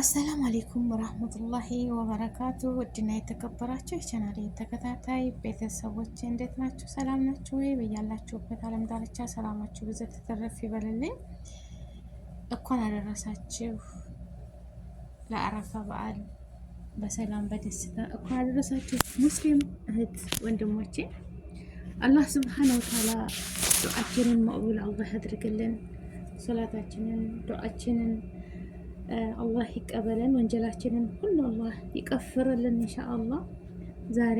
አሰላም አሌይኩም ወራህመቱላሂ ወበረካቱ። ውድና የተከበራችሁ የቻናሌ ተከታታይ ቤተሰቦች እንዴት ናችሁ? ሰላም ናችሁ ወይ? በያላችሁበት አለም ዳርቻ ሰላማችሁ ብዙ ተተረፍ ይበልልኝ። እንኳን አደረሳችሁ ለአረፋ በዓል በሰላም በደስታ እንኳን አደረሳችሁ ሙስሊም እህት ወንድሞቼ። አላህ ስብሓነ ወተዓላ ዱዓችንን መቅቡል አላህ ያድርግልን። ሶላታችንን ዱዓችንን አላህ ይቀበለን፣ ወንጀላችንን ሁሉ አላህ ይቀፍርልን ኢንሻአላህ። ዛሬ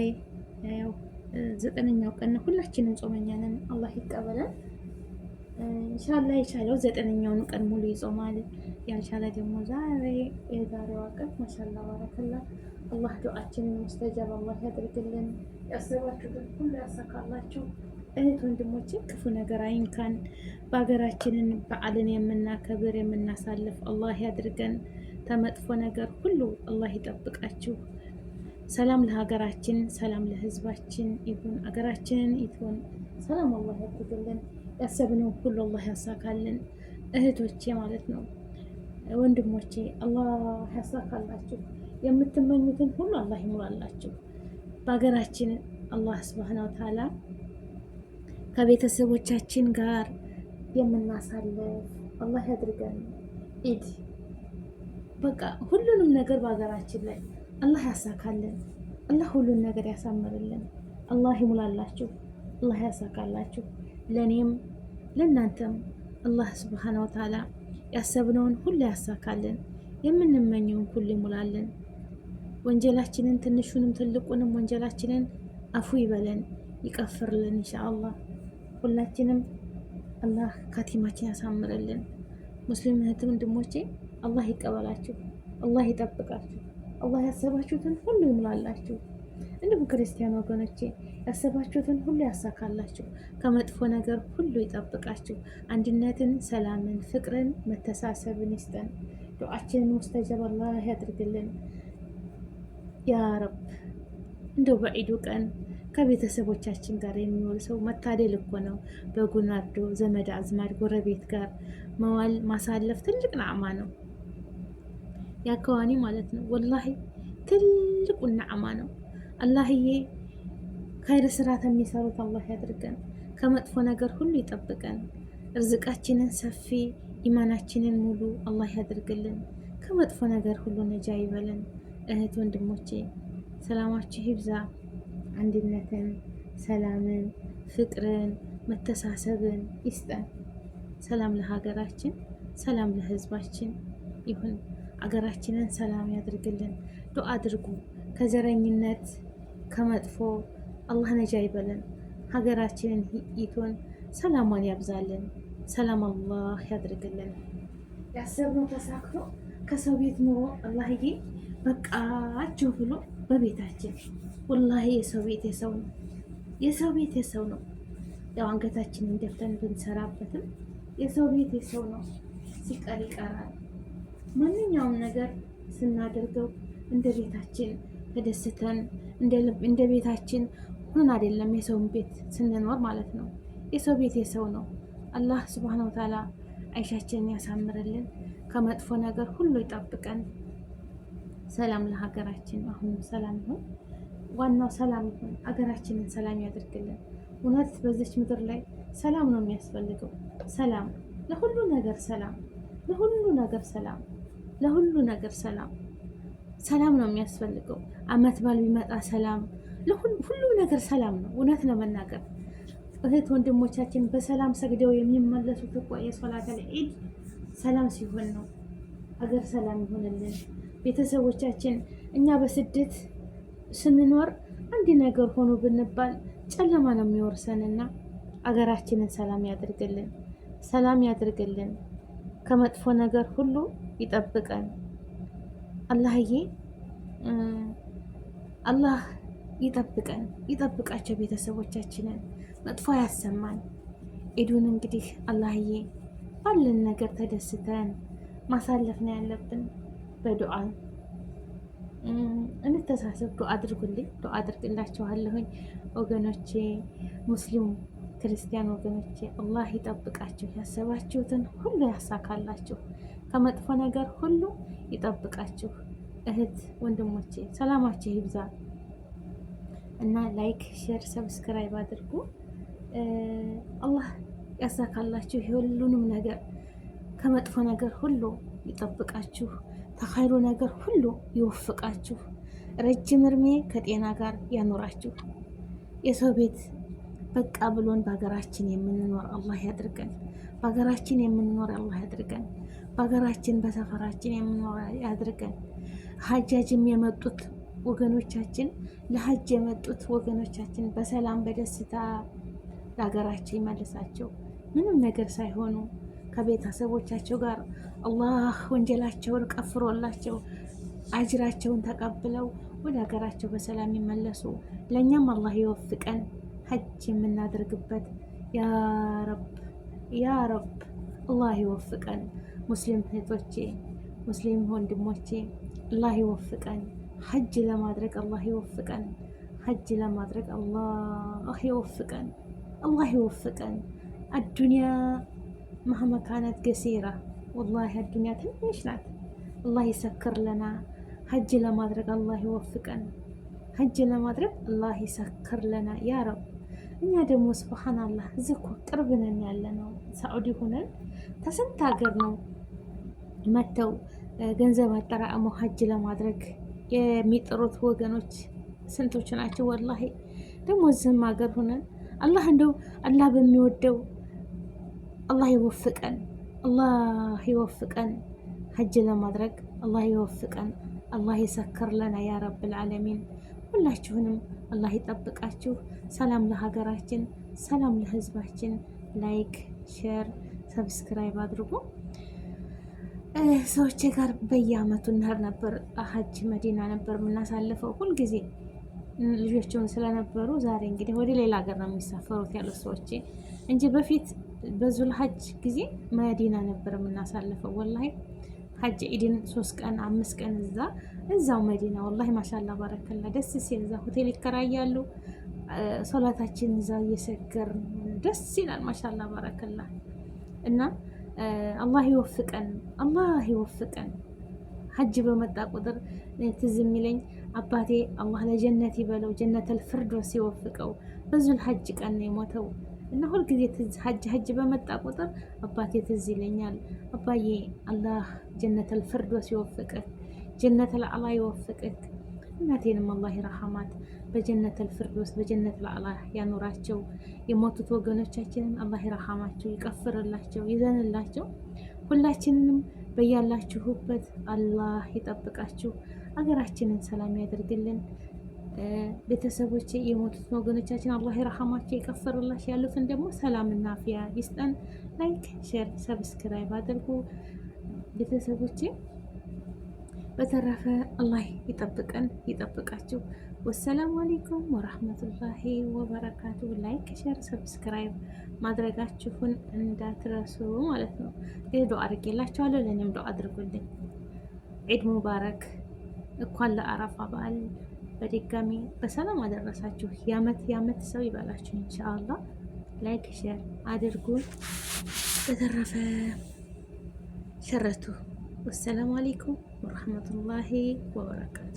ያው ዘጠነኛው ቀን ሁላችንም ጾመኛ ነን። አላህ ይቀበለን ኢንሻአላህ። የቻለው ዘጠነኛውን ቀን ሙሉ ይጾማል። ያልቻለ ደግሞ ዛሬ የዛሬዋ ቀን ማሻአላህ ባረከላ አላህ ዱዓችንን ሙስተጃብ አላህ ያድርግልን። ያሰባችሁትን ሁሉ ያሳካላችሁ። እህት ወንድሞችን ክፉ ነገር አይንካን። በሀገራችንን በዓልን የምናከብር የምናሳልፍ አላህ ያድርገን። ተመጥፎ ነገር ሁሉ አላህ ይጠብቃችሁ። ሰላም ለሀገራችን፣ ሰላም ለህዝባችን ይሁን። ሀገራችንን ይሁን ሰላም አላህ ያድርግልን። ያሰብነው ሁሉ አላህ ያሳካልን። እህቶቼ ማለት ነው ወንድሞቼ፣ አላህ ያሳካላችሁ። የምትመኙትን ሁሉ አላህ ይሙላላችሁ። በሀገራችን አላህ ስብሃነ ወተዓላ ከቤተሰቦቻችን ጋር የምናሳልፍ አላህ ያድርገን። ኢድ በቃ ሁሉንም ነገር በሀገራችን ላይ አላህ ያሳካልን። አላህ ሁሉን ነገር ያሳምርልን። አላህ ይሙላላችሁ። አላህ ያሳካላችሁ። ለእኔም ለእናንተም አላህ ስብሓነ ወተዓላ ያሰብነውን ሁሉ ያሳካልን። የምንመኘውን ሁሉ ይሙላልን። ወንጀላችንን ትንሹንም ትልቁንም ወንጀላችንን አፉ ይበለን፣ ይቀፍርልን ኢንሻ ሁላችንም አላህ ካቲማችን ያሳምርልን። ሙስሊም እህት ወንድሞቼ አላህ ይቀበላችሁ፣ አላህ ይጠብቃችሁ፣ አላህ ያሰባችሁትን ሁሉ ይምላላችሁ እንዲሁም ክርስቲያን ወገኖቼ ያሰባችሁትን ሁሉ ያሳካላችሁ፣ ከመጥፎ ነገር ሁሉ ይጠብቃችሁ። አንድነትን፣ ሰላምን፣ ፍቅርን፣ መተሳሰብን ይስጠን። ዱዓችንን ሙስተጀብ አላህ ያድርግልን ያ ረብ። እንደው በዒዱ ቀን ከቤተሰቦቻችን ጋር የሚውል ሰው መታደል እኮ ነው። በጉን ዘመድ አዝማድ ጎረቤት ጋር መዋል ማሳለፍ ትልቅ ናዕማ ነው። ያከዋኒ ማለት ነው። ወላሂ ትልቁ ናዕማ ነው። አላህዬ ከይር ስራት የሚሰሩት አላህ ያድርገን፣ ከመጥፎ ነገር ሁሉ ይጠብቀን። እርዝቃችንን ሰፊ፣ ኢማናችንን ሙሉ አላህ ያድርግልን። ከመጥፎ ነገር ሁሉ ነጃ ይበለን። እህት ወንድሞቼ ሰላማችሁ ይብዛ። አንድነትን፣ ሰላምን፣ ፍቅርን፣ መተሳሰብን ይስጠን። ሰላም ለሀገራችን፣ ሰላም ለህዝባችን ይሁን። አገራችንን ሰላም ያድርግልን። ዱዓ አድርጉ። ከዘረኝነት ከመጥፎ አላህ ነጃ ይበለን። ሀገራችንን ይቶን ሰላሟን ያብዛልን። ሰላም አላህ ያድርግልን። ያሰብነው ተሳክቶ ከሰው ቤት ኑሮ አላህዬ በቃችሁ ብሎ በቤታችን ወላሂ የሰው ቤት የሰው ነው። የሰው ቤት የሰው ነው። ያው አንገታችንን ደፍተን ብንሰራበትም የሰው ቤት የሰው ነው። ሲቀር ይቀራል። ማንኛውም ነገር ስናደርገው እንደ ቤታችን ተደስተን እንደ ቤታችን ሆነን አይደለም የሰውን ቤት ስንኖር ማለት ነው። የሰው ቤት የሰው ነው። አላህ ስብሐነ ወተዓላ አይሻችንን ያሳምርልን፣ ከመጥፎ ነገር ሁሉ ይጠብቀን። ሰላም ለሀገራችን አሁንም ሰላም ይሆን። ዋናው ሰላም ይሆን፣ ሀገራችንን ሰላም ያደርግልን። እውነት በዚች ምድር ላይ ሰላም ነው የሚያስፈልገው። ሰላም ለሁሉ ነገር፣ ሰላም ለሁሉ ነገር፣ ሰላም ለሁሉ ነገር፣ ሰላም ሰላም ነው የሚያስፈልገው። አመት ባል ቢመጣ ሰላም፣ ሁሉም ነገር ሰላም ነው። እውነት ለመናገር እህት ወንድሞቻችን በሰላም ሰግደው የሚመለሱት እኮ የሶላተል ዒድ ሰላም ሲሆን ነው። ሀገር ሰላም ይሆንልን። ቤተሰቦቻችን እኛ በስደት ስንኖር አንድ ነገር ሆኖ ብንባል ጨለማ ነው የሚወርሰንና አገራችንን ሰላም ያድርግልን፣ ሰላም ያድርግልን፣ ከመጥፎ ነገር ሁሉ ይጠብቀን። አላህዬ አላህ ይጠብቀን፣ ይጠብቃቸው ቤተሰቦቻችንን፣ መጥፎ ያሰማን። ኢዱን እንግዲህ አላህዬ ባለን ነገር ተደስተን ማሳለፍ ነው ያለብን። በዱዓ እንተሳሰብ። ዱዓ አድርጉልኝ፣ ዱዓ አድርግላችኋለሁኝ ወገኖቼ፣ ሙስሊሙ ክርስቲያን ወገኖቼ፣ አላህ ይጠብቃችሁ፣ ያሰባችሁትን ሁሉ ያሳካላችሁ፣ ከመጥፎ ነገር ሁሉ ይጠብቃችሁ። እህት ወንድሞቼ ሰላማችሁ ይብዛ እና ላይክ፣ ሼር፣ ሰብስክራይብ አድርጉ። አላህ ያሳካላችሁ የሁሉንም ነገር ከመጥፎ ነገር ሁሉ ይጠብቃችሁ። ከኸይሩ ነገር ሁሉ ይወፍቃችሁ፣ ረጅም እድሜ ከጤና ጋር ያኖራችሁ። የሰው ቤት በቃ ብሎን በሀገራችን የምንኖር አላህ ያድርገን። በሀገራችን የምንኖር አላህ ያድርገን። በሀገራችን በሰፈራችን የምንኖር ያድርገን። ሀጃጅም የመጡት ወገኖቻችን ለሀጅ የመጡት ወገኖቻችን በሰላም በደስታ ለሀገራቸው ይመልሳቸው ምንም ነገር ሳይሆኑ ከቤተሰቦቻቸው ጋር አላህ ወንጀላቸውን ቀፍሮላቸው አጅራቸውን ተቀብለው ወደ ሀገራቸው በሰላም ይመለሱ። ለእኛም አላህ ይወፍቀን ሀጅ የምናደርግበት ያ ያረብ አላህ ይወፍቀን። ሙስሊም እህቶቼ፣ ሙስሊም ወንድሞቼ አላህ ይወፍቀን ሀጅ ለማድረግ አላህ ይወፍቀን ሀጅ ለማድረግ አላህ ይወፍቀን አላህ ይወፍቀን አዱንያ ማህመ ካነት ገሲራ ወላሂ አዱኛ ትንሽ ናት። አላህ ይሰክር ለና ሀጅ ለማድረግ አላህ ይወፍቀን። ሀጅ ለማድረግ አላህ ይሰክር ለና ያ ረብ። እኛ ደግሞ ስብሓን አላህ እዚህ እኮ ቅርብ ነን ያለ ነው። ሳዑዲ ሆነን ተስንት ሀገር ነው መጥተው ገንዘብ አጠራቅመው ሀጅ ለማድረግ የሚጥሩት ወገኖች ስንቶች ናቸው? ወላሂ ደግሞ እዚህም ሀገር ሆነን አላህ እንደው አላህ በሚወደው አላህ ይወፍቀን፣ አላህ ይወፍቀን ሀጅ ለማድረግ አላህ ይወፍቀን፣ አላህ ይሰክር ለና ያ ረብል ዓለሚን። ሁላችሁንም አላህ ይጠብቃችሁ። ሰላም ለሀገራችን፣ ሰላም ለህዝባችን። ላይክ፣ ሼር፣ ሰብስክራይብ አድርጉ። ሰዎች ጋር በየአመቱ እንሄድ ነበር፣ ሀጅ መዲና ነበር የምናሳልፈው ሁልጊዜ ልጆችም ስለነበሩ ዛሬ እንግዲህ ወደ ሌላ ሀገር ነው የሚሳፈሩት ያሉት ሰዎች እንጂ በፊት በዙል ሀጅ ጊዜ መዲና ነበር የምናሳልፈው። ወላሂ ሀጅ ኢድን ሶስት ቀን አምስት ቀን እዛ እዛው መዲና ወላሂ ማሻላ ባረከላ ደስ ሲል እዛ ሆቴል ይከራያሉ። ሶላታችን እዛ እየሰገር ደስ ይላል። ማሻላ ባረከላ እና አላህ ይወፍቀን፣ አላህ ይወፍቀን። ሀጅ በመጣ ቁጥር ትዝ የሚለኝ አባቴ አላህ ለጀነት ይበለው ጀነት ፍርዶስ ይወፍቀው። በዙል ሀጅ ቀን ነው የሞተው። እና ሁልጊዜ ሀጅ ሀጅ በመጣ ቁጥር አባቴ ትዝ ይለኛል። አባዬ አላህ ጀነተል ፊርደውስ ይወፍቅህ፣ ጀነተል አዕላ ይወፍቅህ። እናቴንም አላህ ይርሐማት፣ በጀነተል ፊርደውስ በጀነተል አዕላ ያኖራቸው። የሞቱት ወገኖቻችንን አላህ ይርሐማቸው፣ ይቀፍርላቸው፣ ይዘንላቸው። ሁላችንንም በያላችሁበት አላህ ይጠብቃችሁ፣ አገራችንን ሰላም ያደርግልን። ቤተሰቦች የሞቱትን ወገኖቻችን አላህ ይርሐማቸው፣ የቀፈረላቸው ያሉትን ደግሞ ሰላምና አፍያ ይስጠን። ላይክ፣ ሼር፣ ሰብስክራይብ አድርጉ ቤተሰቦች። በተረፈ አላህ ይጠብቀን ይጠብቃችሁ። ወሰላሙ አሌይኩም ወራህመቱላሂ ወበረካቱ። ላይክ ሸር ሰብስክራይብ ማድረጋችሁን እንዳትረሱ ማለት ነው። ይህ ዶ አድርጌላችኋለሁ። ለእኔም ዶ አድርጉልኝ። ዒድ ሙባረክ። እኳን ለአረፋ በዓል በድጋሚ በሰላም አደረሳችሁ። የአመት የአመት ሰው ይበላችሁ። እንሻአላ ላይክ ሼር አድርጉ። በተረፈ ሸረቱ ወሰላሙ አሌይኩም ወረህመቱላሂ ወበረካቱ።